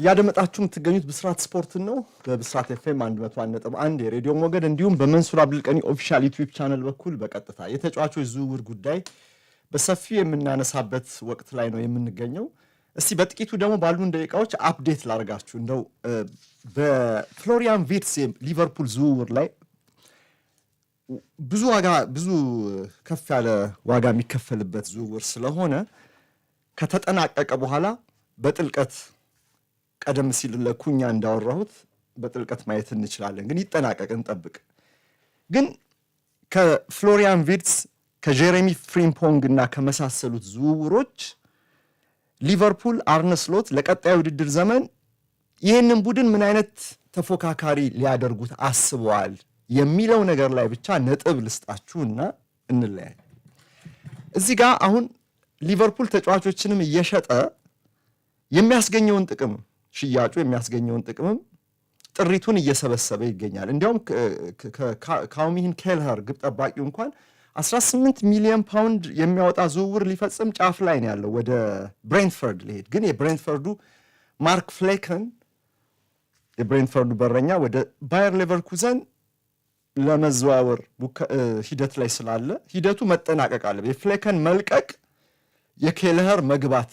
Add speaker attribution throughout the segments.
Speaker 1: እያደመጣችሁ የምትገኙት ብስራት ስፖርትን ነው። በብስራት ኤፍኤም 101.1 የሬዲዮ ሞገድ እንዲሁም በመንሱር አብዱልቀኒ ኦፊሻል ዩቲዩብ ቻናል በኩል በቀጥታ የተጫዋቾች ዝውውር ጉዳይ በሰፊው የምናነሳበት ወቅት ላይ ነው የምንገኘው። እስቲ በጥቂቱ ደግሞ ባሉን ደቂቃዎች አፕዴት ላደርጋችሁ። እንደው በፍሎሪያን ቪርትስ ሊቨርፑል ዝውውር ላይ ብዙ ዋጋ ብዙ ከፍ ያለ ዋጋ የሚከፈልበት ዝውውር ስለሆነ ከተጠናቀቀ በኋላ በጥልቀት ቀደም ሲል ለኩኛ እንዳወራሁት በጥልቀት ማየት እንችላለን። ግን ይጠናቀቅ እንጠብቅ። ግን ከፍሎሪያን ቪርትስ ከጄሬሚ ፍሪምፖንግ እና ከመሳሰሉት ዝውውሮች ሊቨርፑል አርነስሎት ለቀጣይ ውድድር ዘመን ይህንን ቡድን ምን አይነት ተፎካካሪ ሊያደርጉት አስበዋል የሚለው ነገር ላይ ብቻ ነጥብ እና እንለያይ። እዚህ ጋር አሁን ሊቨርፑል ተጫዋቾችንም እየሸጠ የሚያስገኘውን ጥቅም ሽያጩ የሚያስገኘውን ጥቅምም ጥሪቱን እየሰበሰበ ይገኛል። እንዲያውም ካውሚህን ኬልሃር ግብ ጠባቂው እንኳን 18 ሚሊዮን ፓውንድ የሚያወጣ ዝውውር ሊፈጽም ጫፍ ላይ ነው ያለው ወደ ብሬንትፈርድ ሊሄድ ግን የብሬንትፈርዱ ማርክ ፍሌክን የብሬንትፈርዱ በረኛ ወደ ባየር ሌቨርኩዘን ለመዘዋወር ሂደት ላይ ስላለ ሂደቱ መጠናቀቅ አለ። የፍሌከን መልቀቅ የኬልሃር መግባት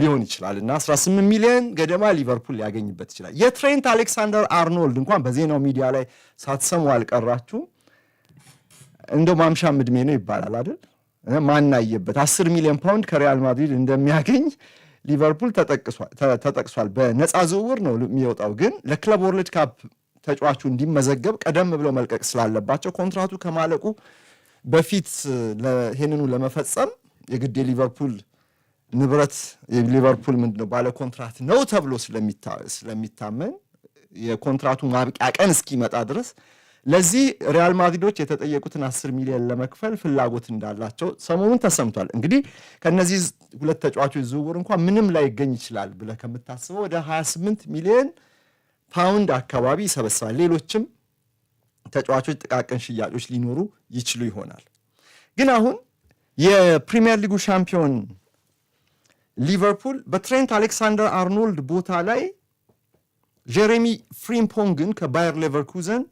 Speaker 1: ሊሆን ይችላል እና 18 ሚሊዮን ገደማ ሊቨርፑል ሊያገኝበት ይችላል። የትሬንት አሌክሳንደር አርኖልድ እንኳን በዜናው ሚዲያ ላይ ሳትሰሙ አልቀራችሁ። እንደው ማምሻም ምድሜ ነው ይባላል አይደል? ማናየበት 10 ሚሊዮን ፓውንድ ከሪያል ማድሪድ እንደሚያገኝ ሊቨርፑል ተጠቅሷል። በነፃ ዝውውር ነው የሚወጣው፣ ግን ለክለብ ወርልድ ካፕ ተጫዋቹ እንዲመዘገብ ቀደም ብለው መልቀቅ ስላለባቸው ኮንትራቱ ከማለቁ በፊት ይህንኑ ለመፈጸም የግዴ ሊቨርፑል ንብረት ሊቨርፑል ምንድነው ባለ ኮንትራት ነው ተብሎ ስለሚታመን የኮንትራቱ ማብቂያ ቀን እስኪመጣ ድረስ ለዚህ ሪያል ማድሪዶች የተጠየቁትን አስር ሚሊዮን ለመክፈል ፍላጎት እንዳላቸው ሰሞኑን ተሰምቷል። እንግዲህ ከነዚህ ሁለት ተጫዋቾች ዝውውር እንኳ ምንም ላይ ይገኝ ይችላል ብለህ ከምታስበው ወደ 28 ሚሊዮን ፓውንድ አካባቢ ይሰበስባል። ሌሎችም ተጫዋቾች ጥቃቅን ሽያጮች ሊኖሩ ይችሉ ይሆናል። ግን አሁን የፕሪሚየር ሊጉ ሻምፒዮን ሊቨርፑል በትሬንት አሌክሳንደር አርኖልድ ቦታ ላይ ጀሬሚ ፍሪምፖንግን ከባየር ሌቨርኩዘን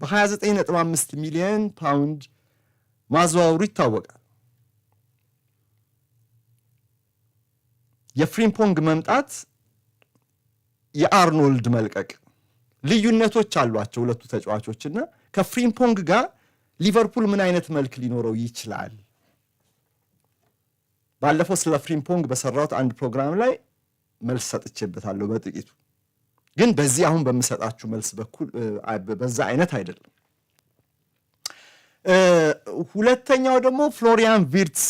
Speaker 1: በ29.5 ሚሊዮን ፓውንድ ማዘዋወሩ ይታወቃል። የፍሪምፖንግ መምጣት የአርኖልድ መልቀቅ ልዩነቶች አሏቸው ሁለቱ ተጫዋቾችና ከፍሪምፖንግ ጋር ሊቨርፑል ምን አይነት መልክ ሊኖረው ይችላል? ባለፈው ስለ ፍሪምፖንግ በሰራሁት አንድ ፕሮግራም ላይ መልስ ሰጥቼበታለሁ በጥቂቱ ግን በዚህ አሁን በምሰጣችሁ መልስ በኩል በዛ አይነት አይደለም። ሁለተኛው ደግሞ ፍሎሪያን ቪርትስ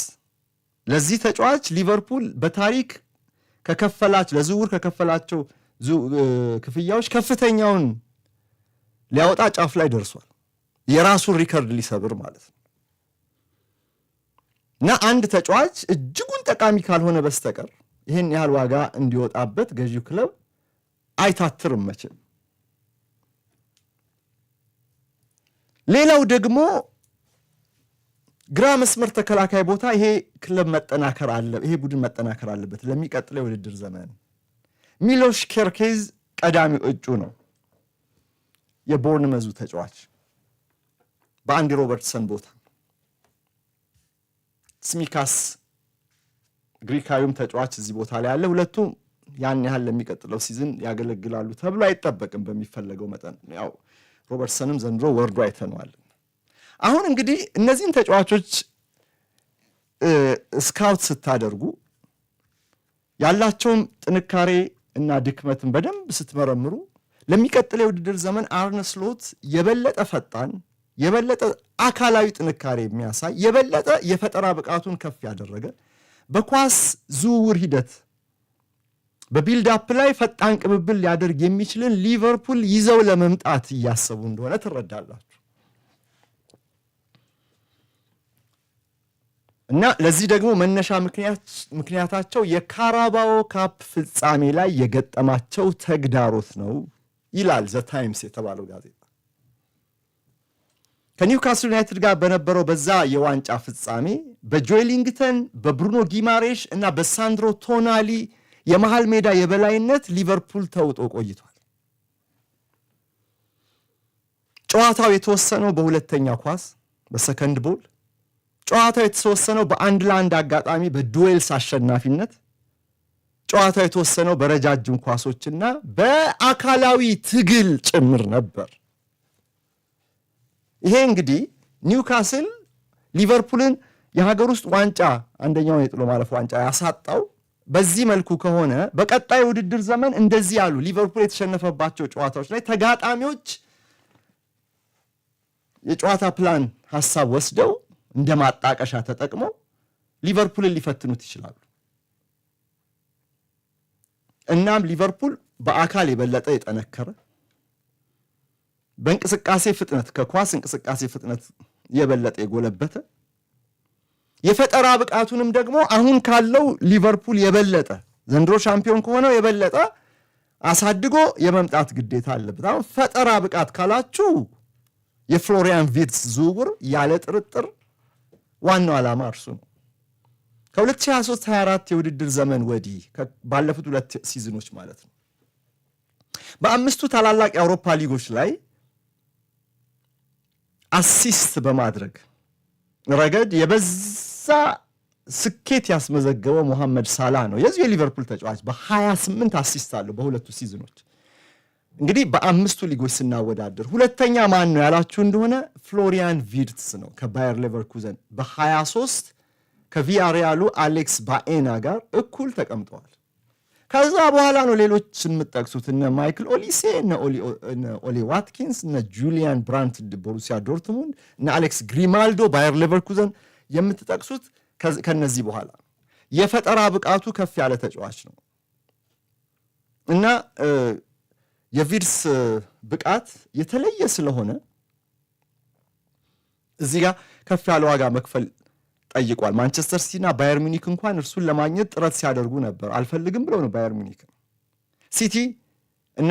Speaker 1: ለዚህ ተጫዋች ሊቨርፑል በታሪክ ከከፈላቸው ለዝውውር ከከፈላቸው ክፍያዎች ከፍተኛውን ሊያወጣ ጫፍ ላይ ደርሷል። የራሱን ሪከርድ ሊሰብር ማለት ነው። እና አንድ ተጫዋች እጅጉን ጠቃሚ ካልሆነ በስተቀር ይህን ያህል ዋጋ እንዲወጣበት ገዢው ክለብ አይታትርም መቼም። ሌላው ደግሞ ግራ መስመር ተከላካይ ቦታ ይሄ ክለብ መጠናከር አለ ይሄ ቡድን መጠናከር አለበት ለሚቀጥለው የውድድር ዘመን። ሚሎሽ ኬርኬዝ ቀዳሚው እጩ ነው፣ የቦርንመዙ ተጫዋች በአንዲ ሮበርትሰን ቦታ ስሚካስ ግሪካዊውም ተጫዋች እዚህ ቦታ ላይ ያለ ሁለቱ ያን ያህል ለሚቀጥለው ሲዝን ያገለግላሉ ተብሎ አይጠበቅም በሚፈለገው መጠን። ያው ሮበርትሰንም ዘንድሮ ወርዶ አይተነዋል። አሁን እንግዲህ እነዚህን ተጫዋቾች ስካውት ስታደርጉ ያላቸውን ጥንካሬ እና ድክመትን በደንብ ስትመረምሩ ለሚቀጥለው የውድድር ዘመን አርነ ስሎት የበለጠ ፈጣን የበለጠ አካላዊ ጥንካሬ የሚያሳይ የበለጠ የፈጠራ ብቃቱን ከፍ ያደረገ በኳስ ዝውውር ሂደት በቢልዳፕ ላይ ፈጣን ቅብብል ሊያደርግ የሚችልን ሊቨርፑል ይዘው ለመምጣት እያሰቡ እንደሆነ ትረዳላችሁ። እና ለዚህ ደግሞ መነሻ ምክንያታቸው የካራባዎ ካፕ ፍጻሜ ላይ የገጠማቸው ተግዳሮት ነው ይላል ዘ ታይምስ የተባለው ጋዜጣ። ከኒውካስል ዩናይትድ ጋር በነበረው በዛ የዋንጫ ፍጻሜ በጆይሊንግተን በብሩኖ ጊማሬሽ እና በሳንድሮ ቶናሊ የመሃል ሜዳ የበላይነት ሊቨርፑል ተውጦ ቆይቷል። ጨዋታው የተወሰነው በሁለተኛ ኳስ በሰከንድ ቦል፣ ጨዋታው የተወሰነው በአንድ ለአንድ አጋጣሚ በዱዌልስ አሸናፊነት፣ ጨዋታው የተወሰነው በረጃጅም ኳሶችና በአካላዊ ትግል ጭምር ነበር። ይሄ እንግዲህ ኒውካስል ሊቨርፑልን የሀገር ውስጥ ዋንጫ አንደኛውን የጥሎ ማለፍ ዋንጫ ያሳጣው በዚህ መልኩ ከሆነ በቀጣይ ውድድር ዘመን እንደዚህ ያሉ ሊቨርፑል የተሸነፈባቸው ጨዋታዎች ላይ ተጋጣሚዎች የጨዋታ ፕላን ሀሳብ ወስደው እንደ ማጣቀሻ ተጠቅመው ሊቨርፑልን ሊፈትኑት ይችላሉ። እናም ሊቨርፑል በአካል የበለጠ የጠነከረ በእንቅስቃሴ ፍጥነት ከኳስ እንቅስቃሴ ፍጥነት የበለጠ የጎለበተ የፈጠራ ብቃቱንም ደግሞ አሁን ካለው ሊቨርፑል የበለጠ ዘንድሮ ሻምፒዮን ከሆነው የበለጠ አሳድጎ የመምጣት ግዴታ አለበት። አሁን ፈጠራ ብቃት ካላችሁ የፍሎሪያን ቪርትስ ዝውውር ያለ ጥርጥር ዋናው ዓላማ እርሱ ነው። ከ2023/24 የውድድር ዘመን ወዲህ ባለፉት ሁለት ሲዝኖች ማለት ነው በአምስቱ ታላላቅ የአውሮፓ ሊጎች ላይ አሲስት በማድረግ ረገድ የበዛ ስኬት ያስመዘገበው ሞሐመድ ሳላ ነው። የዚሁ የሊቨርፑል ተጫዋች በ28 አሲስት አለው በሁለቱ ሲዝኖች። እንግዲህ በአምስቱ ሊጎች ስናወዳደር ሁለተኛ ማን ነው ያላችሁ እንደሆነ ፍሎሪያን ቪርትስ ነው ከባየር ሌቨርኩዘን በ23 ከቪያሪያሉ አሌክስ ባኤና ጋር እኩል ተቀምጠዋል። ከዛ በኋላ ነው ሌሎች የምጠቅሱት እነ ማይክል ኦሊሴ፣ እነ ኦሊ ዋትኪንስ፣ እነ ጁሊያን ብራንት ቦሩሲያ ዶርትሙንድ፣ እነ አሌክስ ግሪማልዶ ባየር ሌቨርኩዘን የምትጠቅሱት ከነዚህ በኋላ የፈጠራ ብቃቱ ከፍ ያለ ተጫዋች ነው እና የቪርስ ብቃት የተለየ ስለሆነ እዚህ ጋር ከፍ ያለ ዋጋ መክፈል ጠይቋል። ማንቸስተር ሲቲና ባየር ሚኒክ እንኳን እርሱን ለማግኘት ጥረት ሲያደርጉ ነበር። አልፈልግም ብለው ነው ባየር ሚኒክ ሲቲ እና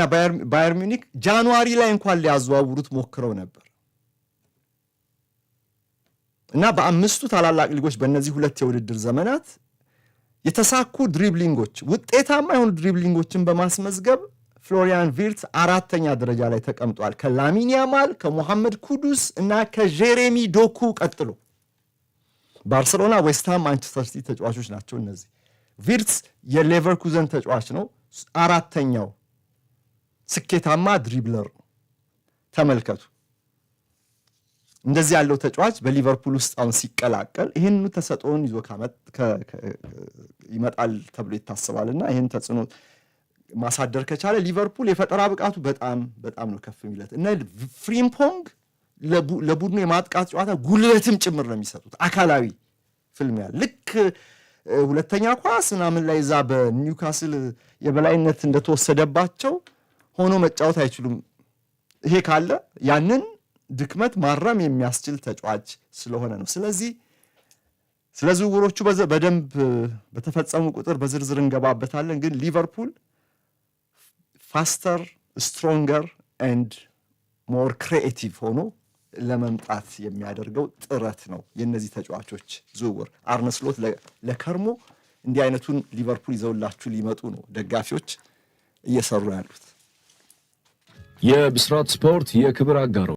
Speaker 1: ባየር ሚኒክ ጃንዋሪ ላይ እንኳን ሊያዘዋውሩት ሞክረው ነበር እና በአምስቱ ታላላቅ ሊጎች በእነዚህ ሁለት የውድድር ዘመናት የተሳኩ ድሪብሊንጎች፣ ውጤታማ የሆኑ ድሪብሊንጎችን በማስመዝገብ ፍሎሪያን ቪርት አራተኛ ደረጃ ላይ ተቀምጧል ከላሚን ያማል ከሞሐመድ ኩዱስ እና ከጄሬሚ ዶኩ ቀጥሎ ባርሰሎና፣ ዌስትሃም፣ ማንቸስተር ሲቲ ተጫዋቾች ናቸው እነዚህ። ቪርትስ የሌቨርኩዘን ተጫዋች ነው። አራተኛው ስኬታማ ድሪብለር ተመልከቱ። እንደዚህ ያለው ተጫዋች በሊቨርፑል ውስጥ አሁን ሲቀላቀል ይህንኑ ተሰጥኦን ይዞ ይመጣል ተብሎ ይታሰባልና ይህን ተጽዕኖ ማሳደር ከቻለ ሊቨርፑል የፈጠራ ብቃቱ በጣም በጣም ነው ከፍ የሚለት እነ ፍሪምፖንግ ለቡድኑ የማጥቃት ጨዋታ ጉልበትም ጭምር ነው የሚሰጡት። አካላዊ ፍልሚያ ልክ ሁለተኛ ኳስ ምናምን ላይ እዛ በኒውካስል የበላይነት እንደተወሰደባቸው ሆኖ መጫወት አይችሉም። ይሄ ካለ ያንን ድክመት ማረም የሚያስችል ተጫዋች ስለሆነ ነው። ስለዚህ ስለ ዝውውሮቹ በደንብ በተፈጸሙ ቁጥር በዝርዝር እንገባበታለን። ግን ሊቨርፑል ፋስተር ስትሮንገር ኤንድ ሞር ክሪኤቲቭ ሆኖ ለመምጣት የሚያደርገው ጥረት ነው የእነዚህ ተጫዋቾች ዝውውር። አርነ ስሎት ለከርሞ እንዲህ አይነቱን ሊቨርፑል ይዘውላችሁ ሊመጡ ነው ደጋፊዎች እየሰሩ ያሉት። የብስራት ስፖርት የክብር አጋሮ